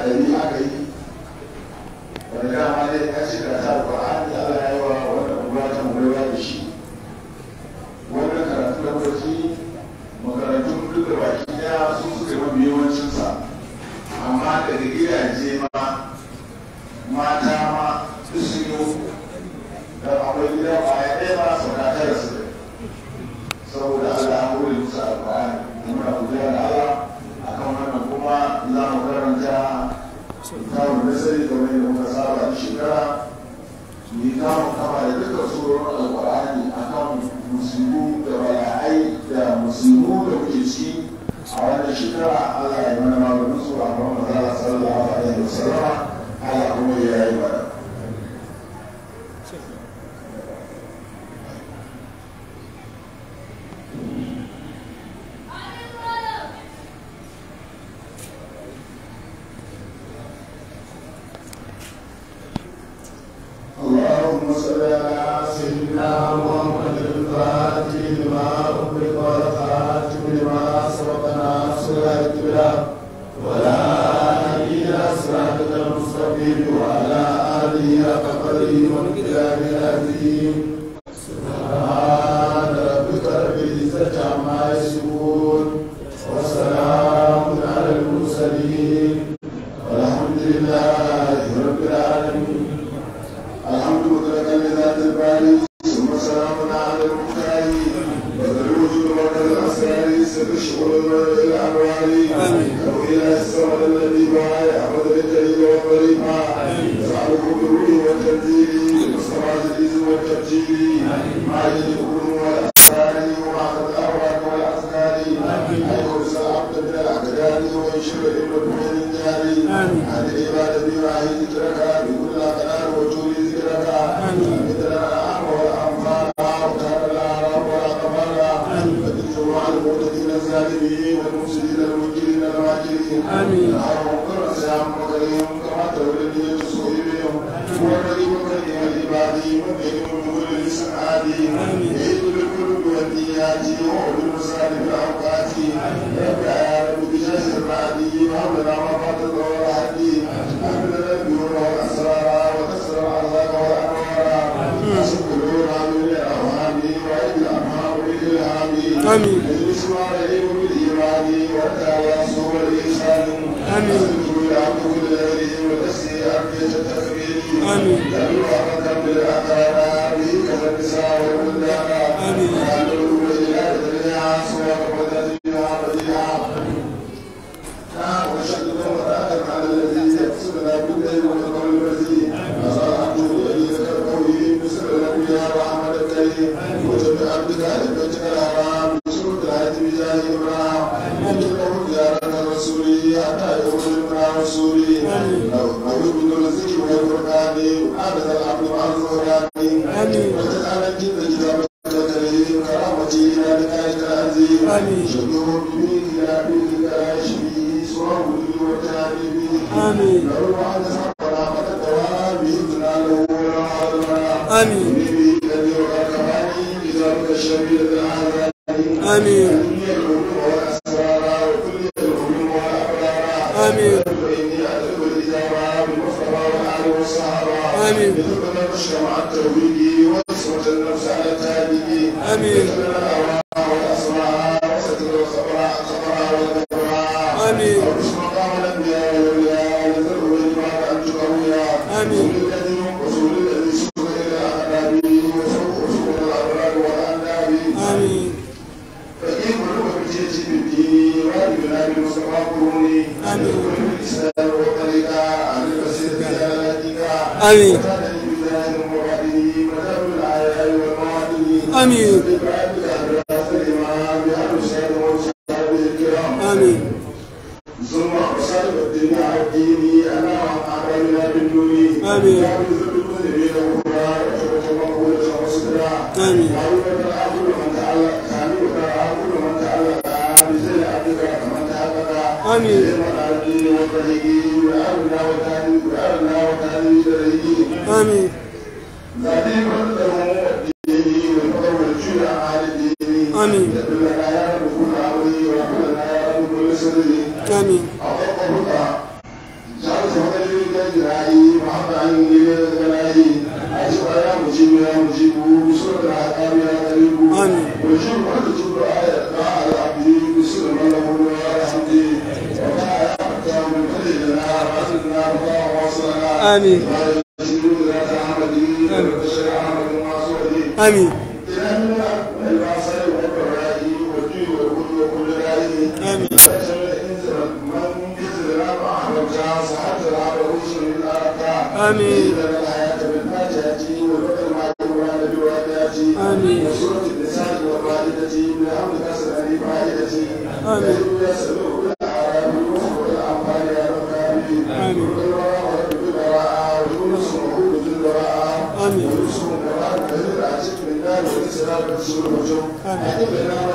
أكيد أكيد ولكن هذه أشياء القرآن على الشكرا على ابن مالك بن صلى الله عليه وسلم يمنع انتقم زيارة رسولي حتى يوم يمنع رسولي نعوذ بالذكر والقرآن عبد العبد مع القرآن وتجعل الدين كتابا والشر مع التوحيد واصرف النفس على تهديده امين Amém. I'm you. Ami. Ami. Amen. Amen. Amen. Amen.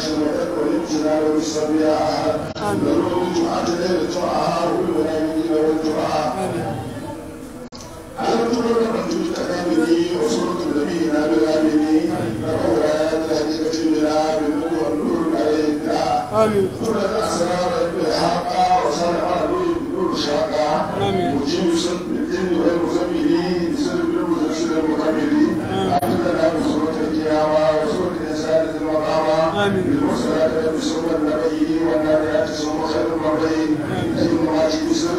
شملت والابتلاء وبالصبيعة نروح الجمعة ليلة ترعاها والمنامين والدعاء علمت من رحمة التكامل وسنة نبينا بالآمنين نقول آيات هديكة لنا بالنور والنور علينا كل الأسرار بالحق وصنع به بالنور شاء آمين والصلاة والسنة النبي والنبيات ثم خير المرضين أي المراجل بسر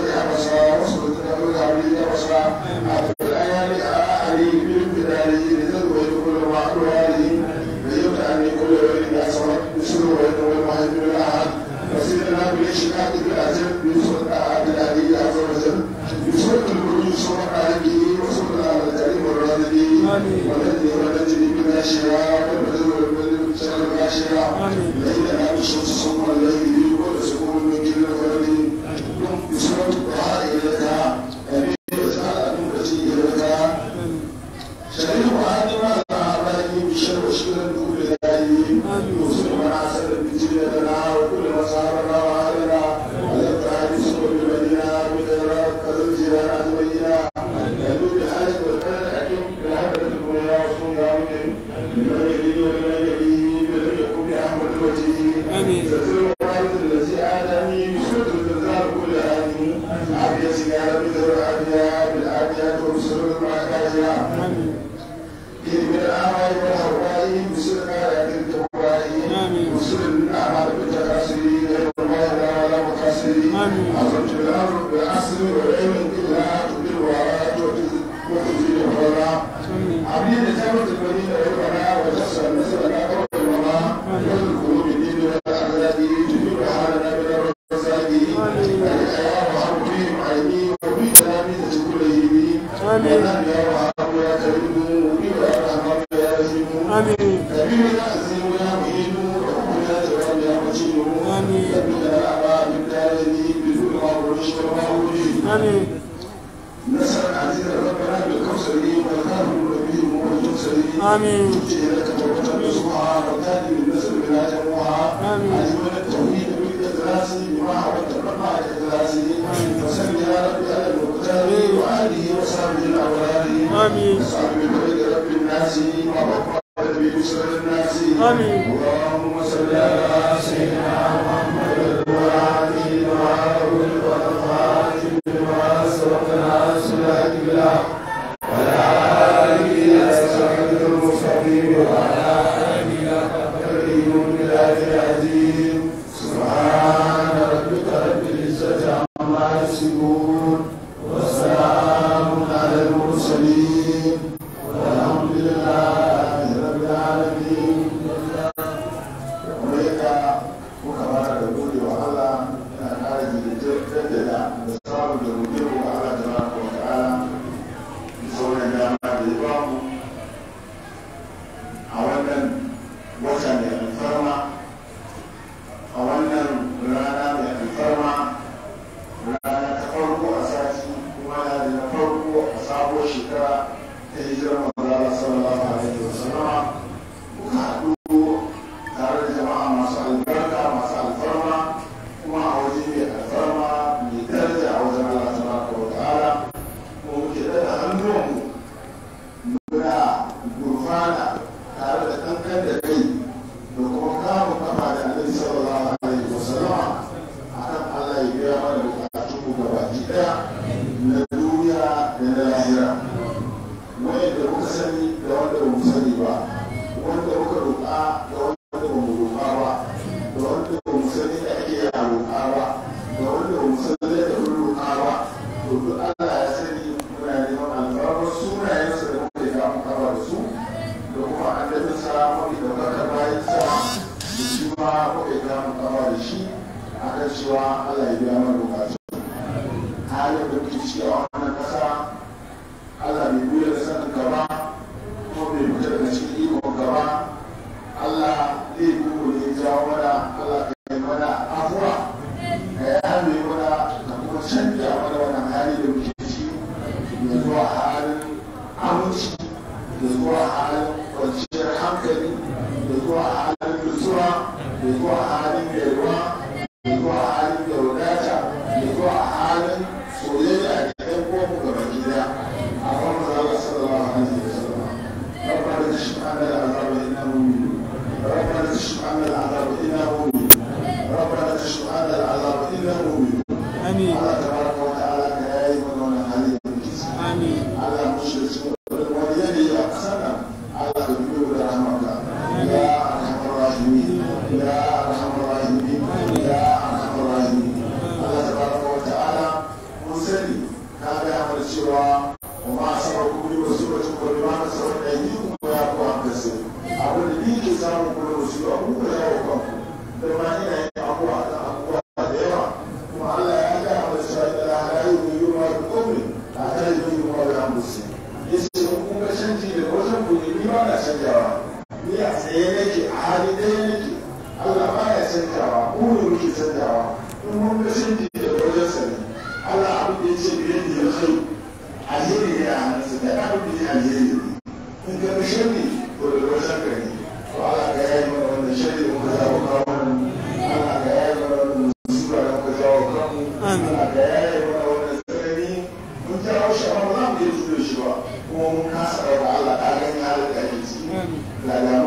la, la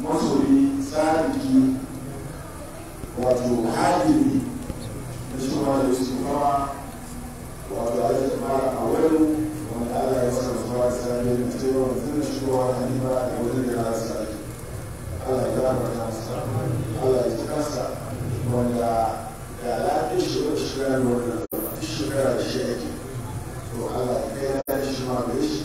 Masoli, sadiki wato hadiri da shi ma da su fama wato a yi mara a wani wanda ala ya saka zuwa da sami da cewa mutum da shigowa da nima da wani da ya sa ala ya gama kansa ala ya ji wanda da lafiya shi wata shekara da wanda shekara da shi ake to ala ya kai na shi ma da shi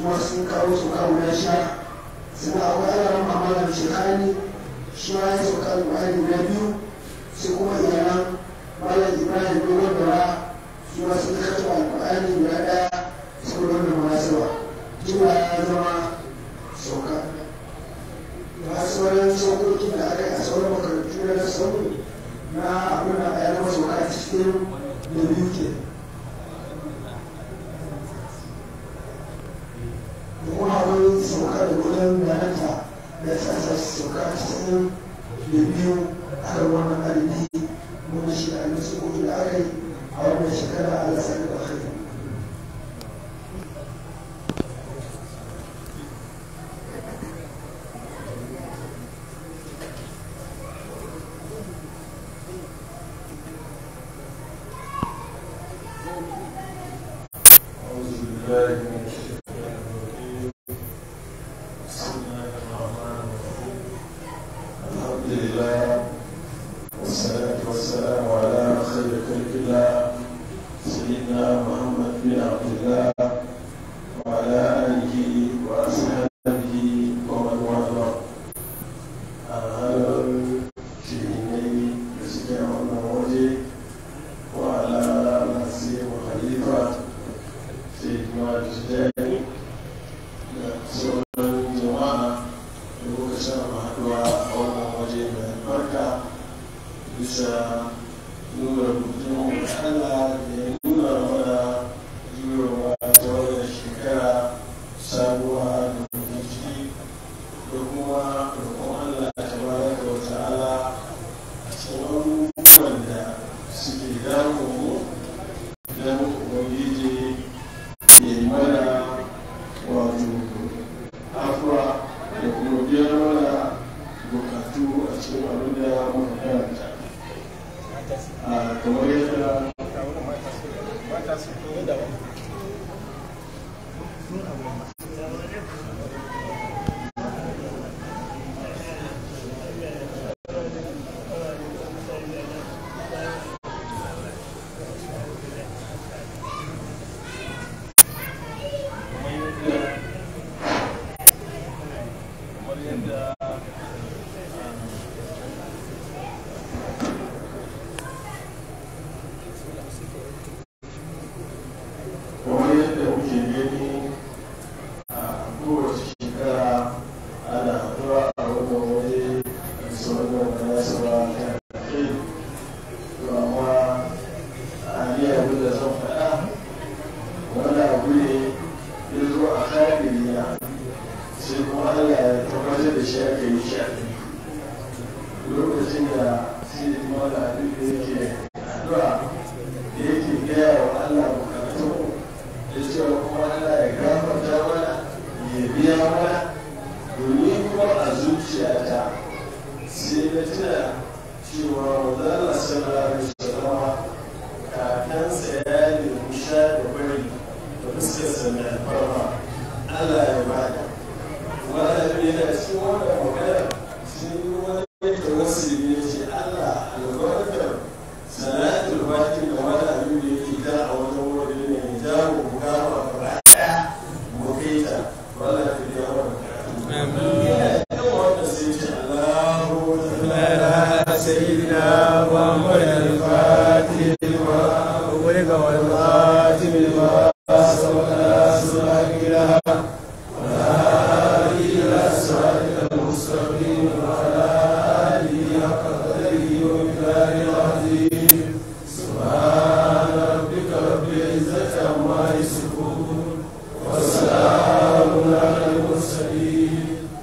kuma sun kawo sauka guda sha. sannan akwai alaran mamalar shekani shi ma ya sauka alƙur'ani na biyu sai kuma iyalan malam ibrahim dogon dara su ma sun kawo alƙur'ani guda ɗaya saboda da munasaba jima ya zama sauka da sauran saukokin da aka yi a sauran makarantu na sauri na abin da a yana sauka a cikin da biyu ke لله والصلاة والسلام على خير خلق الله Amen.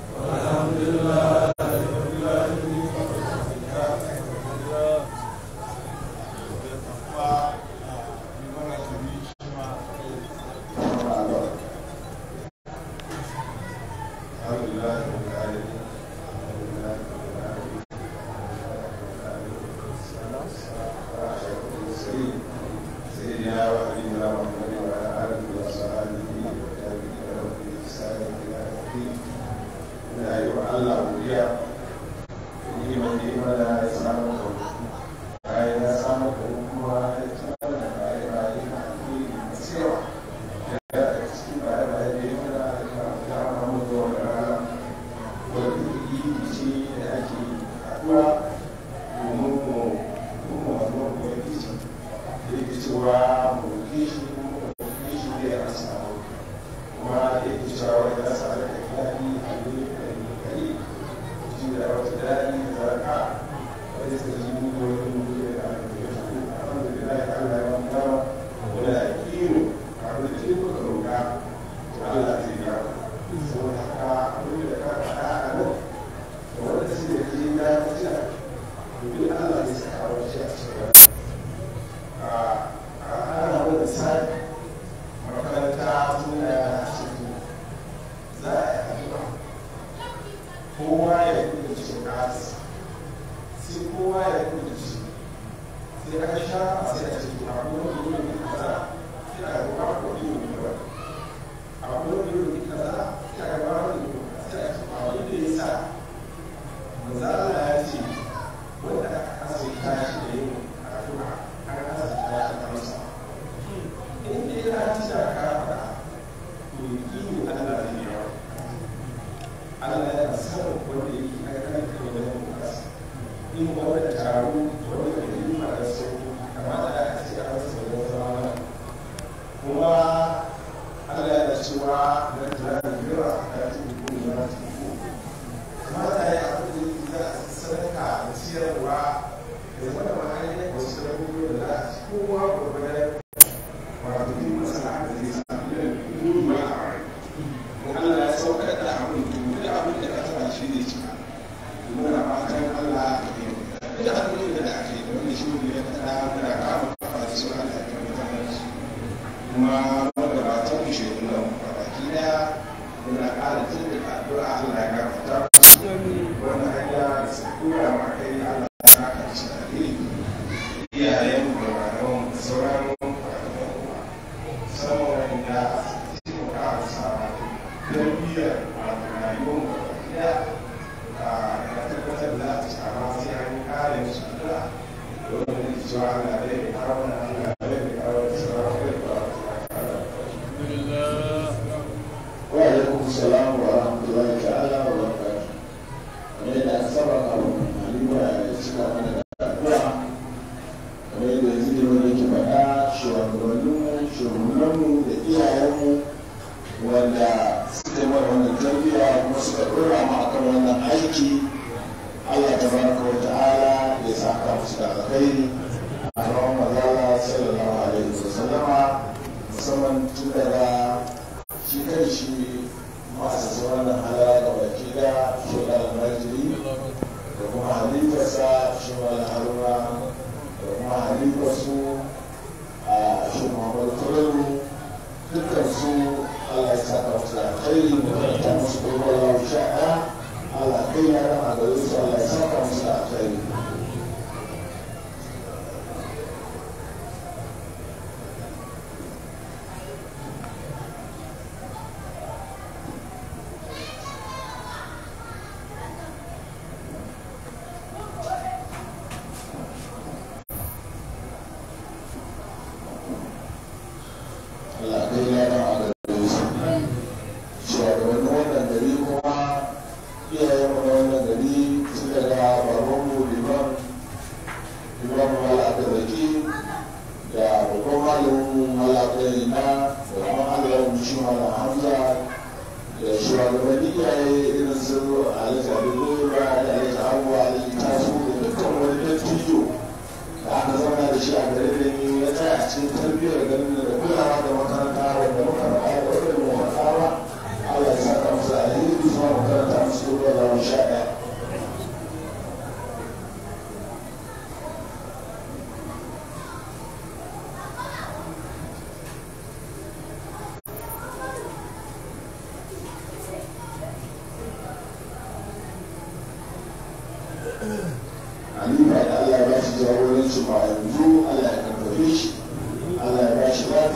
والسلام على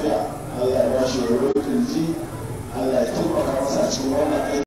lafiya Allah ya ba shi wani kirji Allah ya tabbata masa cikin wannan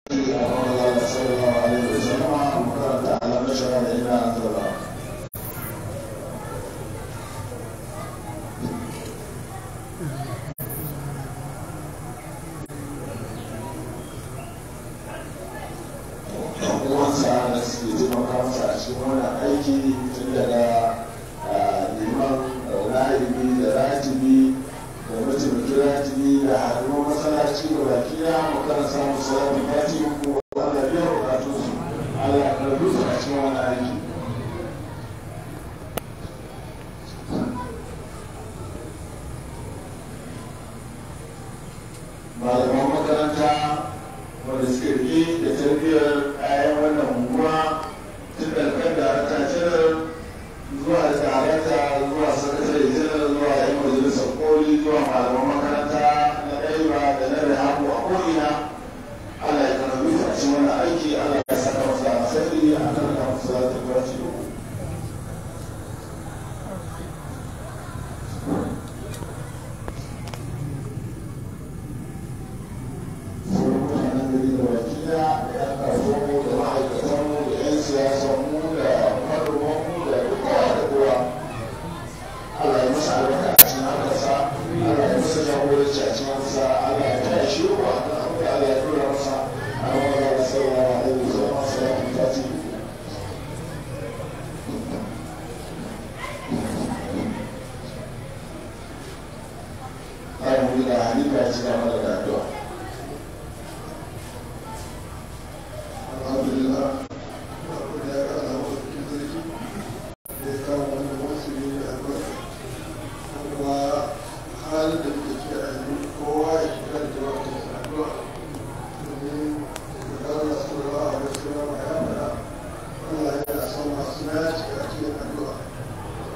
lalace a cikin addu'a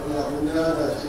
Allah mun lalace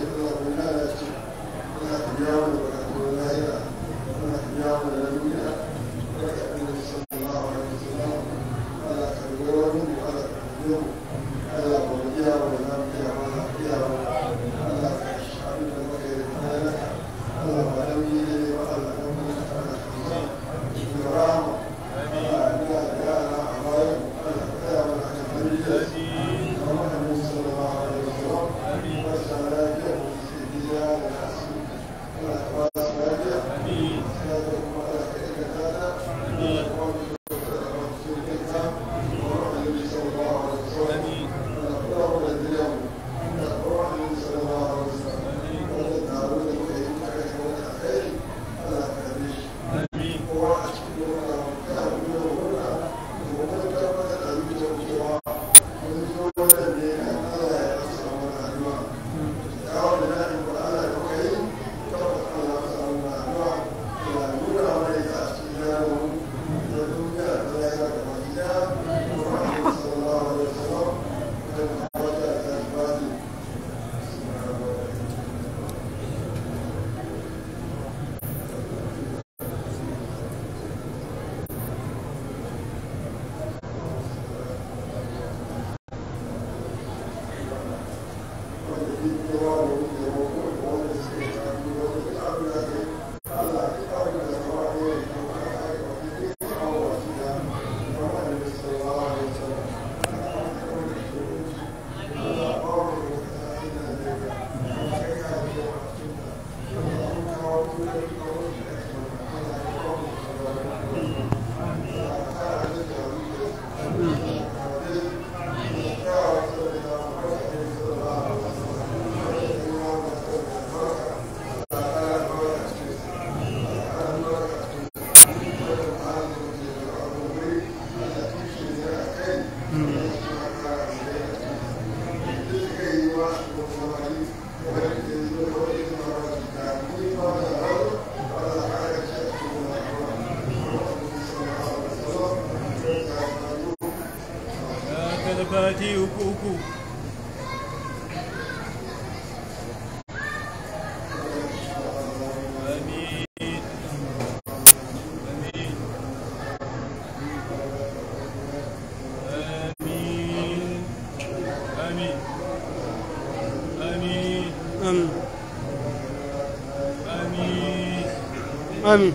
un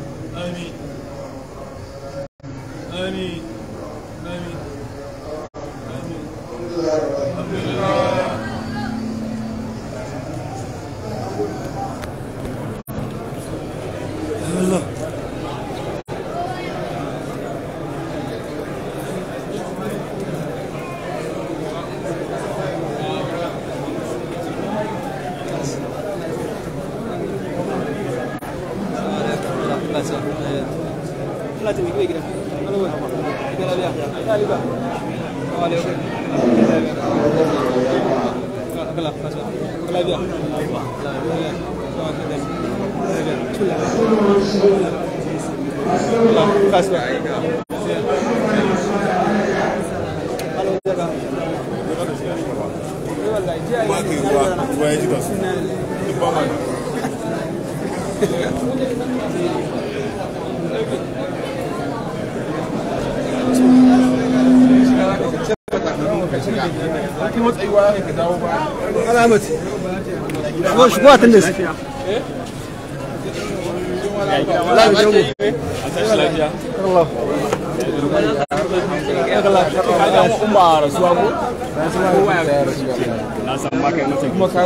لا تبي يقرا shigo shigo a tunda su kuma rasuwa ko? na san ma kai